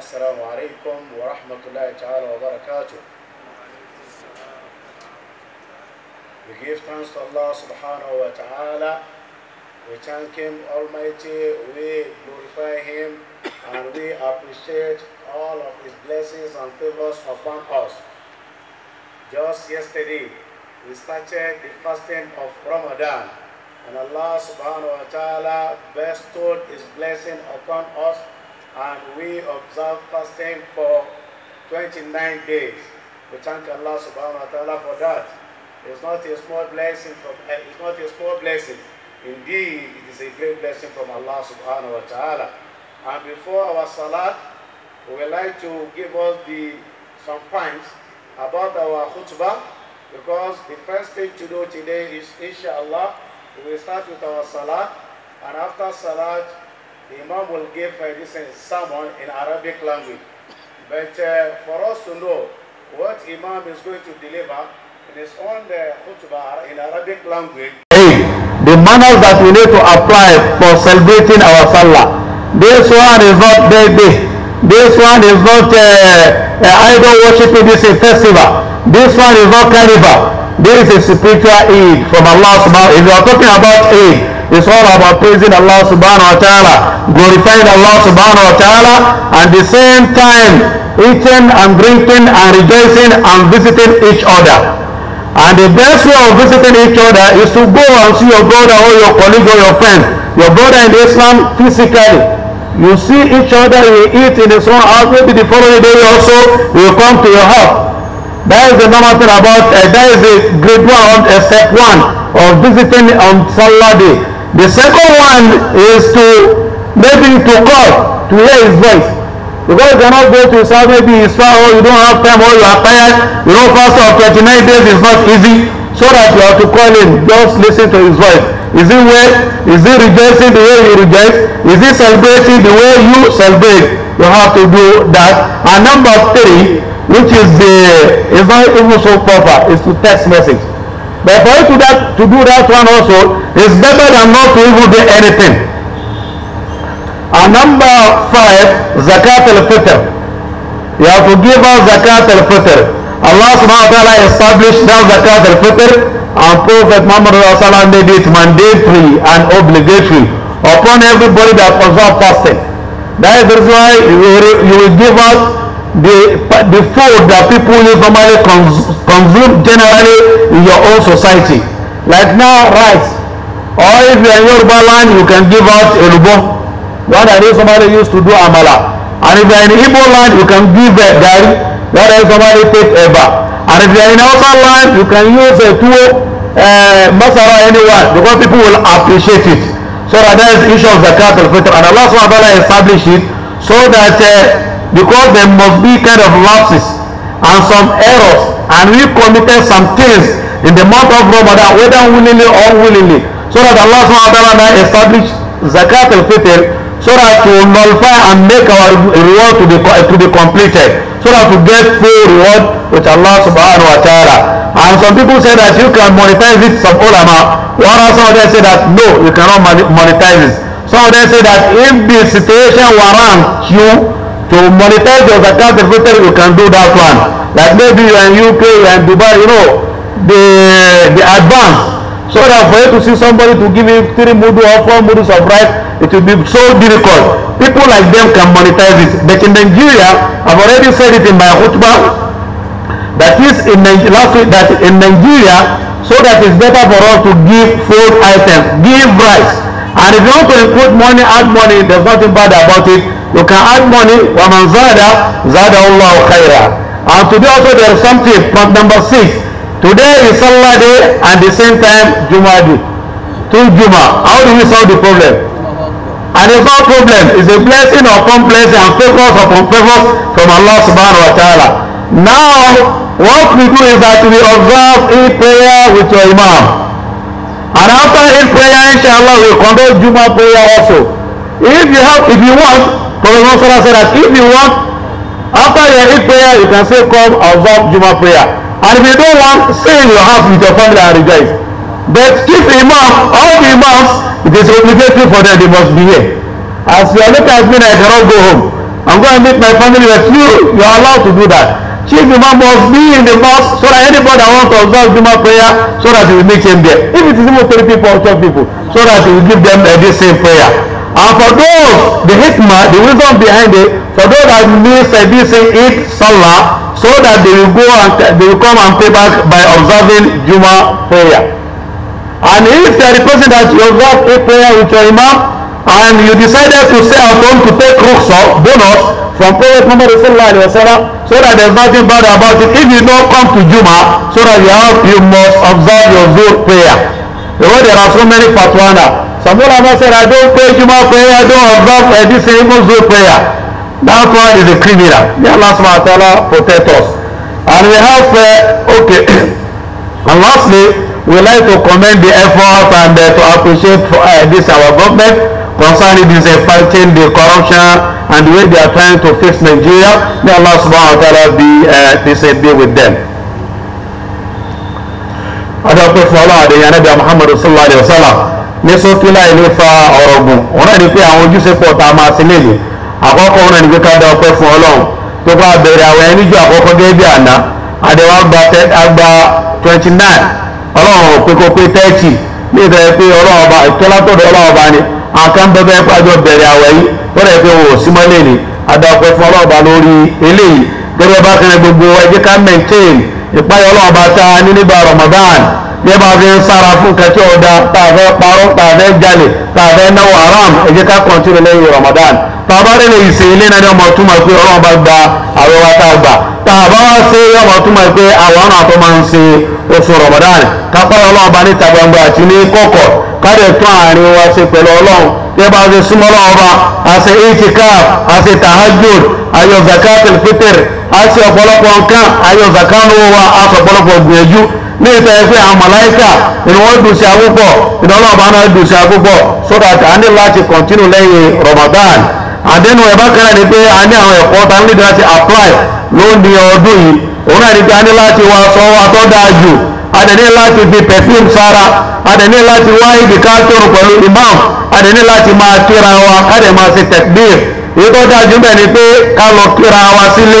السلام عليكم ورحمة الله تعالى وبركاته We give thanks to Allah subhanahu wa ta'ala. We thank Him Almighty. We glorify Him and we appreciate all of His blessings and favors upon us. Just yesterday, we started the fasting of Ramadan and Allah subhanahu wa ta'ala bestowed His blessing upon us and we observe fasting for 29 days. We thank Allah subhanahu wa ta'ala for that. It's not a small blessing from eh, it's not a small blessing. Indeed, it is a great blessing from Allah subhanahu wa ta'ala. And before our salat, we would like to give us the some points about our khutbah because the first thing to do today is inshallah we will start with our salat and after salat the Imam will give uh, this sermon in Arabic language. But uh, for us to know what Imam is going to deliver in his own uh, khutbah in Arabic language. Hey, the manners that we need to apply for celebrating our Salah. This one is not baby. This one is not uh, uh idol worshiping. This is festival. This one is not carnival. This is spiritual aid from Allah If you are talking about aid, It's all about praising Allah subhanahu wa ta'ala, glorifying Allah subhanahu wa ta'ala, and the same time eating and drinking and rejoicing and visiting each other. And the best way of visiting each other is to go and see your brother or your colleague or your friend, your brother in Islam physically. You see each other, you eat in the same house, maybe the following day also you come to your house. That is the normal thing about, uh, that is the great one, uh, step one of visiting on Salah day. The second one is to maybe to call, to hear his voice. Because you cannot go to Saudi maybe far, or oh, you don't have time or oh, you are tired, you know fast of 29 days is not easy. So that you have to call him, just listen to his voice. Is he well? Is he rejoicing the way he rejoices? Is he celebrating the way you celebrate? You have to do that. And number three, which is the, it's not even so proper, is to text message. But for you to, that, to do that one also is better than not to even do anything. And number five, zakat al-fitr. You have to give out zakat al-fitr. Allah subhanahu wa ta'ala established that zakat al-fitr and Prophet Muhammad made it mandatory and obligatory upon everybody that observes fasting. That is why you will give out the the food that people normally cons consume generally in your own society like now rice or if you are in Yoruba land you can give out elubo what I know somebody used to do amala and if you are in Igbo land you can give uh, gari what I know somebody take eba and if you are in Hausa land you can use uh, tuwo uh, masara anyone because people will appreciate it so that is issue of zakat al-fitr and Allah subhanahu wa ta'ala established it so that uh, because there must be kind of lapses and some errors and we committed some things in the month of Ramadan whether willingly or unwillingly so that Allah subhanahu wa ta'ala establish zakat al-fitr so that to nullify and make our reward to be, to be completed so that we get full reward with Allah subhanahu wa ta'ala and some people say that you can monetize it some ulama while some of them say that no you cannot monetize it some of them say that if the situation warrants you to monetize your zakat al fitr you can do that one like maybe you are in uk you are in dubai you know the the advance so that for you to see somebody to give you three mudu or four mudu of rice it will be so difficult people like them can monetize it but in nigeria i've already said it in my khutbah that is in last week that in nigeria so that is better for us to give food items give rice And if you want to include money, add money, there's nothing bad about it. You can add money, وَمَنْ زَادَ زَادَ اللَّهُ خَيْرًا And today also there is something, point number six. Today is Salah day and the same time Juma day. Two Juma. How do we solve the problem? And it's not problem. It's a blessing upon blessing and favors upon favors from Allah subhanahu wa ta'ala. Now, what we do is that we observe a prayer with your Imam. And after in prayer, inshallah, we will conduct Juma prayer also. If you have, if you want, Prophet Muhammad said that if you want, after your Eid prayer, you can say come observe Juma prayer. And if you don't want, stay in your house with your family and rejoice. But if imam, all the imams, it is obligatory for them, they must be here. As you are looking at me, I cannot go home. I'm going to meet my family with you. You are allowed to do that. Chief Imam must be in the mosque so that anybody that wants to observe Juma prayer so that he will make him there. If it is even 30 people or 12 people, so that he will give them uh, this same prayer. And for those, the hikmah, the wisdom behind it, for those that miss uh, this eat Salah, so that they will go and they will come and pay back by observing Juma prayer. And if there is a person that you observe a prayer with your Imam, and you decided to say, "I'm going to take rukhsah bonus from Prophet Muhammad sallallahu alaihi wasallam so that there's nothing bad about it if you don't come to Juma so that you have you must observe your Zuhr prayer because there are so many Fatwana. now some ulama said I don't pray Juma prayer I don't observe any this even Zuhr prayer that one is a criminal may Allah subhanahu wa ta'ala protect us and we have uh, okay and lastly we like to commend the effort and uh, to appreciate for, uh, this our government concerning this uh, fighting the corruption and the way they are trying to fix Nigeria. May Allah subhanahu wa ta'ala be, uh, this, uh, be with them. adọ́pẹ́ fún ọlọ́run àdéhùn anábìá muhammadu sallallahu alayhi wa sallam ní sọ́kílà ilé fa ọ̀rọ̀ gùn òun náà ni pé àwọn ojúṣe pọ̀ tá a máa ṣe léyìí àkọ́kọ́ òun náà ni pé ká dọ́pẹ́ fún ọlọ́run tó bá bẹ̀rẹ̀ àwọn ẹni jù àkọ́kọ́ gẹ́gẹ́ bí àná àdéhùn àgbà twenty nine ọlọ́run ò pé kó pé thirty ní ìbẹ̀rẹ̀ pé ọlọ́run ọba ìtọ́látọ̀dọ̀ ọlọ́run ọba ni àwọn kan bẹ́ẹ̀ bẹ́ẹ̀ pàjọ bẹ̀rẹ̀ àwẹ̀ yìí wọ́n rẹ̀ wò sí ni adáwọ̀pẹ́ fún ọlọ́ọ̀bá lórí eléyìí gẹ́gẹ́ bá kan gbogbo ẹjẹ́ ká maintain ìpáyọ̀ ọlọ́ọ̀bá ta ní nígbà Ramadan bí ẹ bá fi ń sára fún kẹtí ọ̀dà tá a fẹ́ parọ́ tá a fẹ́ jalè tá náwó haram ẹjẹ́ ká continue lẹ́yìn Ramadan tá a bá rẹ̀ lè ṣe ilé náà ní ọmọ túmọ̀ pé ọlọ́run bá gba àwọn wa tá a gbà tá wá ṣe ọmọ túmọ̀ pé àwọn àtọ́ máa ń ṣe oṣù Ramadan kápá ọlọ́run bá níta gbangba àti ní kọ̀kọ̀ káde tún àárín wa ṣe pẹ̀lú ọlọ́run bí ẹ bá ṣe súnmọ́ ọlọ́run ọba àṣẹ itikaf àṣẹ tahajjud ayọ̀ zakatul fitr àṣẹ ọ̀pọ̀lọpọ̀ nǹkan ayọ̀ zakanu wa àṣẹ ọ̀pọ̀lọpọ̀ gbìyànjú ní ìta ẹgbẹ́ àwọn màláíkà ni wọ́n dùn sí àkópọ̀ ìdánwò àbá náà dùn sí àkópọ̀ so that a ní láti continue lẹ́yìn Ramadan àdénú ẹ̀ bákan náà ni pé a ní àwọn ẹ̀kọ́ ta nílẹ̀ láti apply lónìí ọdún yìí òun náà ni pé a ní láti wá sọ wa tó dáa jù adẹ̀ní láti fi perfume sára adẹ̀ní láti wá ibi káàkiri pẹ̀lú imam adẹ̀ní láti máa kíra wa kádẹ̀ máa ṣe tẹ̀kbír èyí tó dájú bẹ́ẹ̀ ni pé ká lọ kíra wa sílé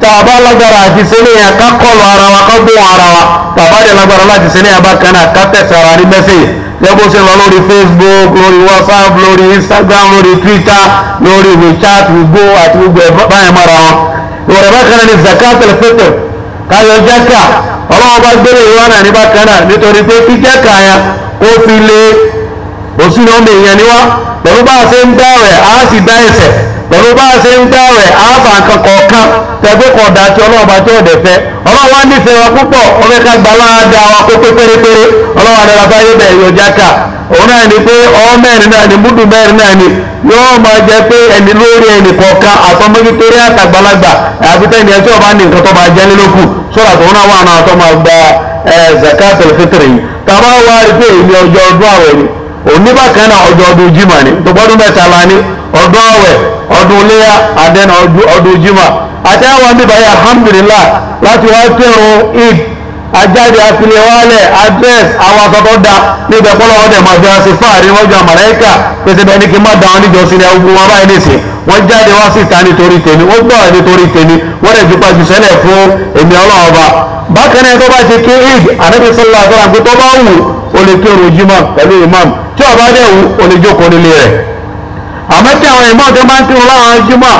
tá a bá lágbára àti sílé yẹn ká kọlu ara wa ká gbóhùn ara wa tá a bá dẹ̀ lágbára láti sílé yẹn bákan náà ká tẹ̀sẹ̀ ara rí mẹ́sẹ̀yì lẹ́gbó ṣe lọ lórí facebook lórí whatsapp lórí instagram lórí twitter lórí wechat wigo àti gbogbo ẹ̀ báyẹn mọ́ra wọn ìwọ̀n rẹ̀ bákan náà ni zakat al-fitr káyọ̀ jákà ọlọ́wọ́ bá gbélé ìwọ́nà ní bákan náà nítorí pé fíjẹ́ kàyà kó fi lé òsínà ọmọ èèyàn níwá pẹ̀lú bá a ṣe ń dá ọ̀rẹ́ a sì dá ẹsẹ̀ pẹ̀lú bá a ṣe ń dáwẹ̀ àáfà nǹkan kọ̀ọ̀kan tẹ̀gbẹ́ kan ọ̀dà tí ọlọ́run bá tí ọ̀dẹ̀ fẹ́ ọlọ́run wá nífẹ̀ẹ́ wa púpọ̀ ọmọkẹ́ka gba aláàdá wa kó pé pérépéré ọlọ́run àdàlà báyé bẹ̀ yóò jáka òun náà ni pé ọwọ́ mẹ́rin náà ni múdù mẹ́rin náà ni yóò máa jẹ pé ẹni lórí ẹnì kọ̀ọ̀kan àtọmọ́jútóré àtàgbàlagbà àbítẹ́ni ẹjọ́ bá ní nǹkan tó máa jẹ́ nílòkù sọ́dà tó náà wà náà tó máa gba zakat al-fitr yìí tàbá wá rí pé èmi ọjọ́ ọdún àwẹ̀ ni òní bákan náà ọjọ́ ọdún jimá ni tó gbọ́dún mẹ́ta ọdún ọwẹ ọdún iléyà àdẹ́nà ọdún jimá àti àwọn bíbá yà alhamdulillah láti wá kírun id ajáde àfilẹ̀ wálẹ̀ adrẹ́s àwọn asọ́tọ̀ da níbẹ̀ pọ́lọ́ wọn dẹ̀ máa fi hàn sí fáàrí wọn jọ màláíkà pèsè bẹ́ẹ̀ ni kí n má da wọn níjọsìn ní ọgbọ́n wọn báyìí nìsín wọ́n jáde wá síta nítorí tèmi wọ́n gbọ́ ẹ̀ nítorí tèmi wọ́n lè jupa jù sẹ́lẹ̀ fún èmi ọlọ́run ọba bákan náà tó bá ṣe kí id ànábi sọlá àgbẹ̀ tó bá wù ó lè kí orun jimá pẹ̀lú imam tí ọba dẹ̀ wù ó lè jókòó nílé rẹ̀ ìmọ̀ tó máa ń kírun láwọn jùmọ̀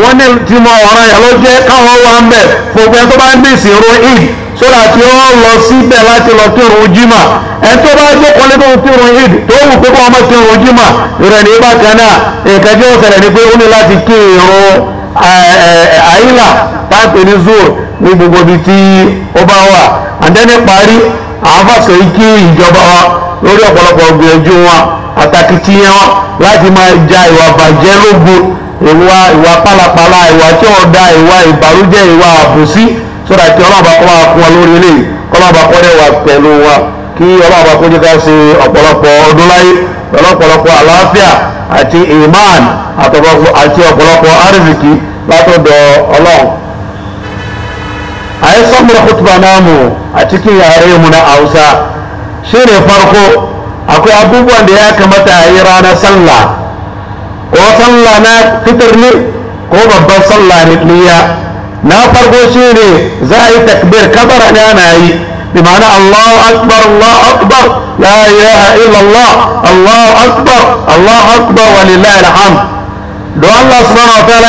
wọ́n ní jùmọ̀ ọ̀ràn yà ló jẹ́ káwọn wà ń bẹ̀ gbogbo ẹni tó bá ń bí ìsìnrú id sódà tí ó lọ síbẹ̀ láti lọ kírun jùmọ̀ ẹni tó bá gbé kọ́lé tó ń kírun id tó wù pé kọ́ ọmọ kírun jùmọ̀ ìrẹ̀ ní ibà kan náà nǹkan tí ó ni pé ó ní láti kí irun àyílà táàpì ní zoo ní gbogbo ibi tí ó bá wà àǹdẹ́ni parí àwọn fàṣẹ ikí ìjọba wa lórí ọ̀pọ̀lọpọ̀ gbìyànjú wọn pàtàkì ti yẹn wọn láti máa ja ìwà bàjẹ́ lógo ìwà ìwà pálapàla ìwà tí wọn da ìwà ìbàlújẹ́ ìwà àbòsí sọ́dà kí ọlọ́ọ̀bà kọ́ máa fún wa lórí eléyìí kọ́lọ́ọ̀bà kọ́ dẹ̀ wà pẹ̀lú wa kí ọlọ́ọ̀bà kó jẹ́ ká ṣe ọ̀pọ̀lọpọ̀ ọdún láyé pẹ̀lú ọ̀pọ̀lọpọ̀ àlàáfíà àti iman àti ọ̀pọ̀lọpọ̀ arziki látọ̀dọ̀ ọlọ́run a yi samun hutu ba namu a cikin yare mu na hausa shi ne farko akwai abubuwan da ya kamata a yi ranar sallah ko sallah na fitar ne ko babban sallah ne niyya na farko shi ne za a yi takbir kabara ne ana yi بمعنى الله أكبر الله أكبر لا إله إلا الله الله أكبر الله أكبر ولله الحمد دو الله سبحانه وتعالى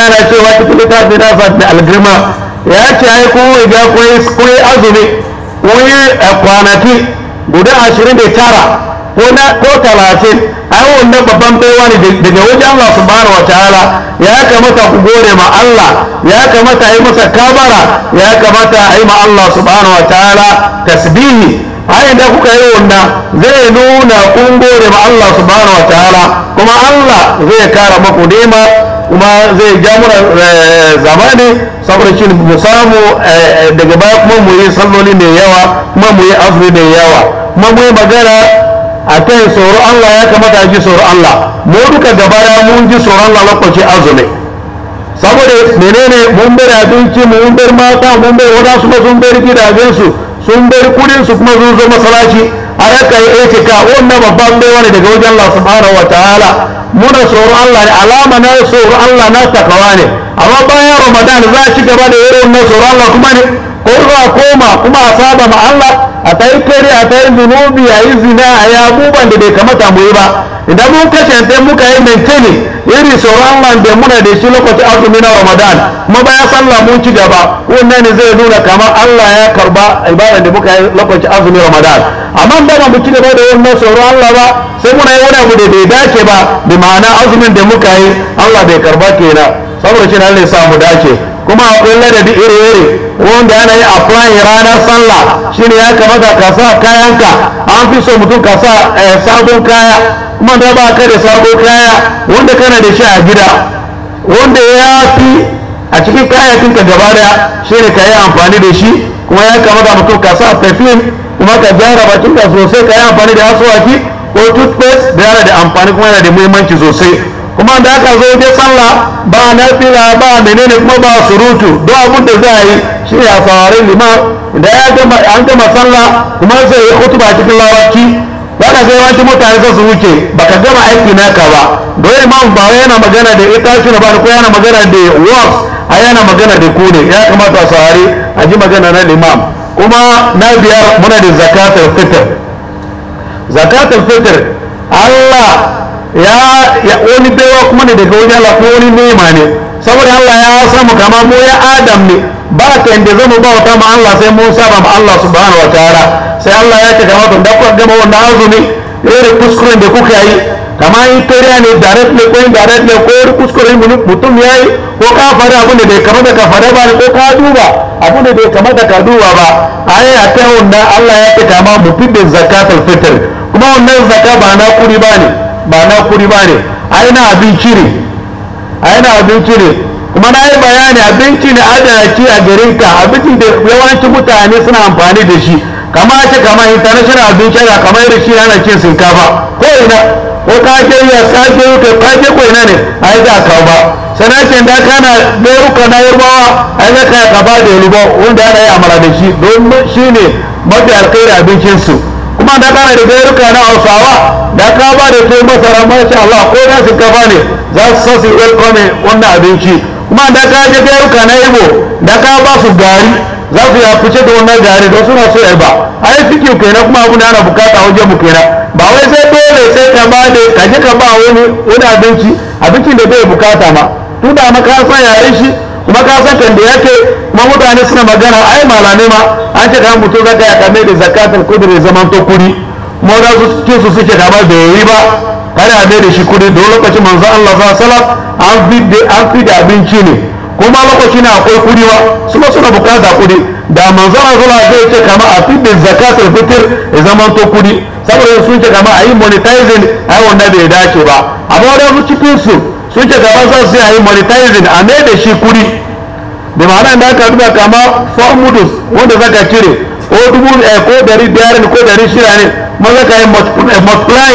أنا guda ashirin da tara ko na ko talatin ai wannan babban baiwa ne daga wajen Allah subhanahu ta'ala ya kamata ku gore ma Allah ya kamata yi masa kabara ya kamata yi ma Allah subhanahu ta'ala tasbihi ai da kuka yi wannan zai nuna kun gore ma Allah subhanahu ta'ala kuma Allah zai kara maku nema kuma zai ja mura eh, zamani saboda shi mu samu eh, daga baya kuma mu yi salloli mai yawa kuma mu yi azumi mai yawa kuma mu yi magana a ta yi tsoron Allah ya kamata a ji tsoron Allah mu duka da baya mun ji tsoron Allah lokaci azumi saboda menene mun bar abinci mun bar mata mun bar wadansu su sun bar gidajen su sun bar kudin su kuma sun zo masallaci a raka yi etika wannan babban bai wani daga wajen Allah subhanahu wataala muna tsoron Allah ne alama na tsoron Allah na takawa ne amma bayan Ramadan za a ci gaba da irin na tsoron Allah kuma ne ko za koma kuma a saba ma Allah a ta yi kare a ta yi zunubi a yi zina a yi abubuwan da bai kamata mu yi ba idan mun kashe sai muka yi ne iri sauran man da muna da shi lokacin azumi na ramadan kuma bayan sallah mun ci gaba wannan ne zai nuna kamar allah ya karba ibada da muka yi lokacin azumi ramadan amma ba mu ci gaba da wannan sauran allah ba sai muna yi wani abu da bai dace ba da ma'ana azumin da muka yi allah bai karba kenan saboda shi na allah ya sa mu dace kuma a akwai ladabi iri-iri wanda yana yi a applying ranar sallah shi ne ya kamata ka sa kayanka an fi so mutum ka sa eh, sabon kaya kuma da ba ka da sabon kaya wanda kana da shi a gida wanda ya fi a cikin kayakinka gaba daya ne ka yi amfani da shi kuma ya kamata mutum ka sa perfume kuma ka gyara bakinka sosai ka yi amfani da asuwaki ko toothpaste da yana da amfani kuma yana da muhimmanci sosai kuma da aka zo je sallah ba na fila ba menene kuma ba surutu do abin da za a yi shi ya faru limam da ya gama an gama sallah kuma sai ya kutuba cikin da daga sai yawancin mutane sai su wuce baka gama aiki naka ba do imam ba yana magana da ita shi ba ko yana magana da wax a yana magana da ku ne ya kamata a saurari a ji magana na limam kuma na biyar muna da zakatul fitr zakatul fitr Allah ya wani baiwa kuma ne daga wajen Allah wani nema ne saboda Allah ya samu kama mu ya Adam ne ba ta inda zamu bauta ma Allah sai mun saba ma Allah subhanahu wa ta'ala sai Allah ya ce kamar da ku gama wannan azumi irin kuskuren da kuka yi kama yi toriya ne direct ne ko indirect ne ko kuskuren mutum ya yi ko ka fara abu da bai kama da ka fara ba ne ko ka duba abu da bai kama da ka duba ba yi a kan wannan Allah ya ce kama mutum da zakatul fitr kuma wannan zakka ba na kuri ba ne ba na kuri ba ne aina abinci ne aina abinci ne kuma na yi bayani abinci ne adalci a garin ka abinci da yawancin mutane suna amfani da shi kama ce kama international abinci da kama da shi ana cin shinkafa ko ina ko ka yi a sake ka kaje ko ina ne a yi da ka ba sanakin da kana doruka na yarbawa yi da ka ka ba da wanda ana yi amara da shi don shi ne mafi alkhairi abincinsu kuma na kana da gairu na hausawa da ka ba da tuwon masara masha Allah ko na kafa ne za su sasu su kone wannan abinci kuma da ka da gairu na ibo da ka ba su gari za su ya fice da wannan gari don suna so ba ai fiki kuma abu da ana bukata wajen mu kenan ba wai sai dole sai ka ba ne ka ji ka ba wani wani abinci abincin da bai bukata ma tunda maka san yare shi kuma ka san kan da yake ma mutane suna magana ai malamai ma an ce kan mutum zaka ya kame da zakatul kudri zaman to kudi mu da su ce su suke kama da yayi ba kada a da shi kudi da lokacin manzo Allah sallallahu alaihi an fi da an fi da abinci ne kuma lokacin akwai kudi ba su ma suna bukata kudi da manzo Allah zai ce kama a fi da zakatul fitr zaman to kudi saboda sun ce kama a yi monetizing ai wanda bai dace ba amma da cikinsu. cikin su sun ce gaban sa su yi monetizing a mai da shi kuri da ma'ana da aka duba kama formudus wanda zaka cire ko dubu eh, ko dari biyar ko dari shida ne ma zaka yi eh, multiply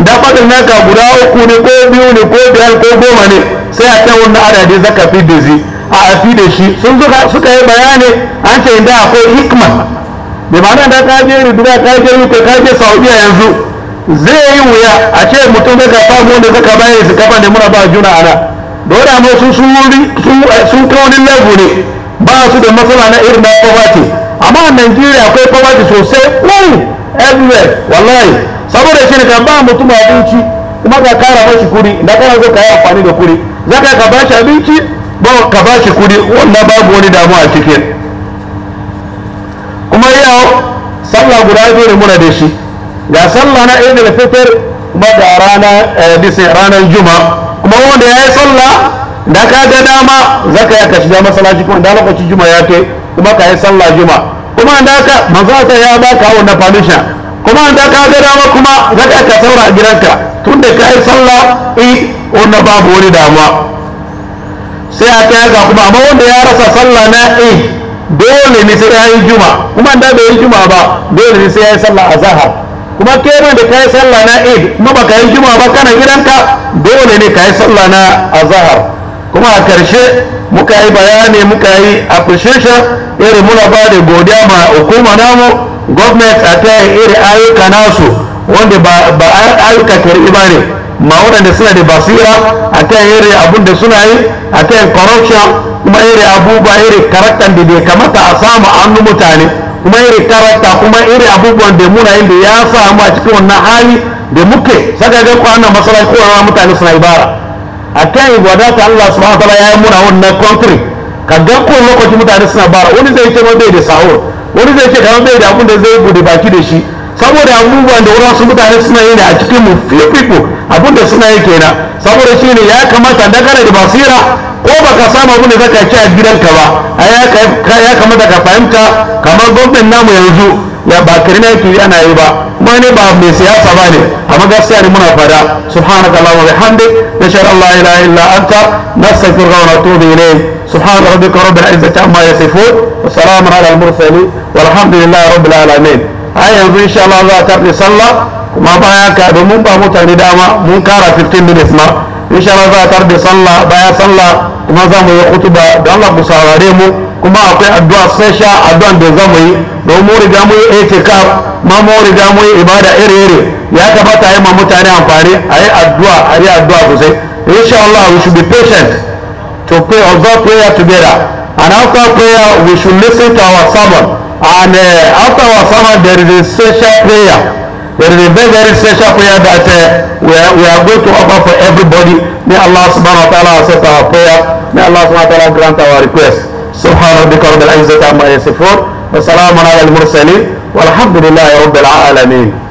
da fadin naka guda uku ne ko biyu ne ko biyar ko goma ne sai a ta wannan adadi zaka fi da shi a afi da shi sun suka yi bayani an ce inda akwai hikma da ma'ana da ka je rubuta ka je ka je saudiya yanzu zai yi wuya a ce mutum daga samu wanda zaka bayar su kafa ne muna ba juna ana dole amma su sun kaunin laifu ne ba su da matsala na irin na poverty amma a nigeria akwai poverty sosai wani everywhere wallahi saboda shi ka ba mutum abinci kuma ka kara mashi kuri da kana zo ka yi amfani da kuri zaka ka bashi abinci ba ka bashi kuri wannan babu wani damu a cikin kuma yau sallah guda biyu ne muna da shi ga sallah na idul fitr kuma ga ranar eh, bisa ranar juma kuma wanda ya yi sallah da ka ga dama za ka yi ka shiga masallaci kuma da lokacin juma ya ke kuma ka yi sallah juma kuma da ka manzo ta ya ba ka wannan permission kuma da ka ga dama kuma za ka ka saura a gidanka tunda ka yi sallah eh wannan babu wani damuwa sai a ta ga kuma amma wanda ya rasa sallah na eh dole ne sai ya yi juma kuma da bai yi juma ba dole ne sai ya yi sallah a zahar kuma kai da kayi sallah na eid kuma baka yi juma'a ba kana gidanka dole ne kayi sallah na azahar kuma a karshe muka yi bayani muka yi appreciation irin muna ba da godiya ma hukuma namu gwamnati a ta irin ayyuka nasu wanda ba ayyuka karɓi ba ne ma waɗanda suna da basira a ta irin abun da suna yi a ta corruption kuma irin abubuwa irin karaktan da bai kamata a samu annu mutane kuma irin karanta kuma iri abubuwan da muna yin da ya samu a cikin wannan hali da muke saka ga kwanan masarai ko ran mutane suna ibara akan ibada ta Allah subhanahu wa ta'ala ya yi muna wannan country ka ga ko lokaci mutane suna bara wani zai ce bai da sahur wani zai ce kamar bai da abin da zai gudu baki da shi saboda abubuwan da wasu mutane suna yi ne a cikin mu fiye abin da suna yi kenan saboda shi ne ya kamata dangane da basira ko ba ka samu abin da za ka ci a gidanka ba a ya kamata ka fahimta kamar gwamnan namu yanzu ya ba karina yake ana yi ba kuma ne ba mai siyasa ba ne amma gaskiya ne muna fada subhanaka allahumma bihamdik nashhadu an la ilaha illa anta nastaghfiruka wa natubu ilayk subhana rabbika rabbil izzati amma yasifun wa salamun ala al mursalin walhamdulillahi rabbil alamin a yanzu insha Allah za a fi sallah kuma baya ka mun ba mutane dama mun kara 15 minutes ma insha Allah za a tarbe sallah baya sallah kuma za mu yi kutuba don Allah ku saurare mu kuma akwai addu'a sasha addu'an da za mu yi don mu riga mu yi itikaf ma mu riga mu yi ibada iri iri ya kamata yi ma mutane amfani a yi addu'a a yi addu'a sosai insha Allah we should be patient to pray observe prayer together and after prayer we should listen to our sermon and uh, after our sermon there is a special prayer There is a very, very special prayer that uh, we, are, we are going to offer for everybody. May Allah subhanahu wa ta'ala accept our prayer. May Allah subhanahu wa ta'ala grant our request. wa ta'ala رب العزة عما يصفون وسلام ala al-mursaleen. Walhamdulillahi rabbil alameen.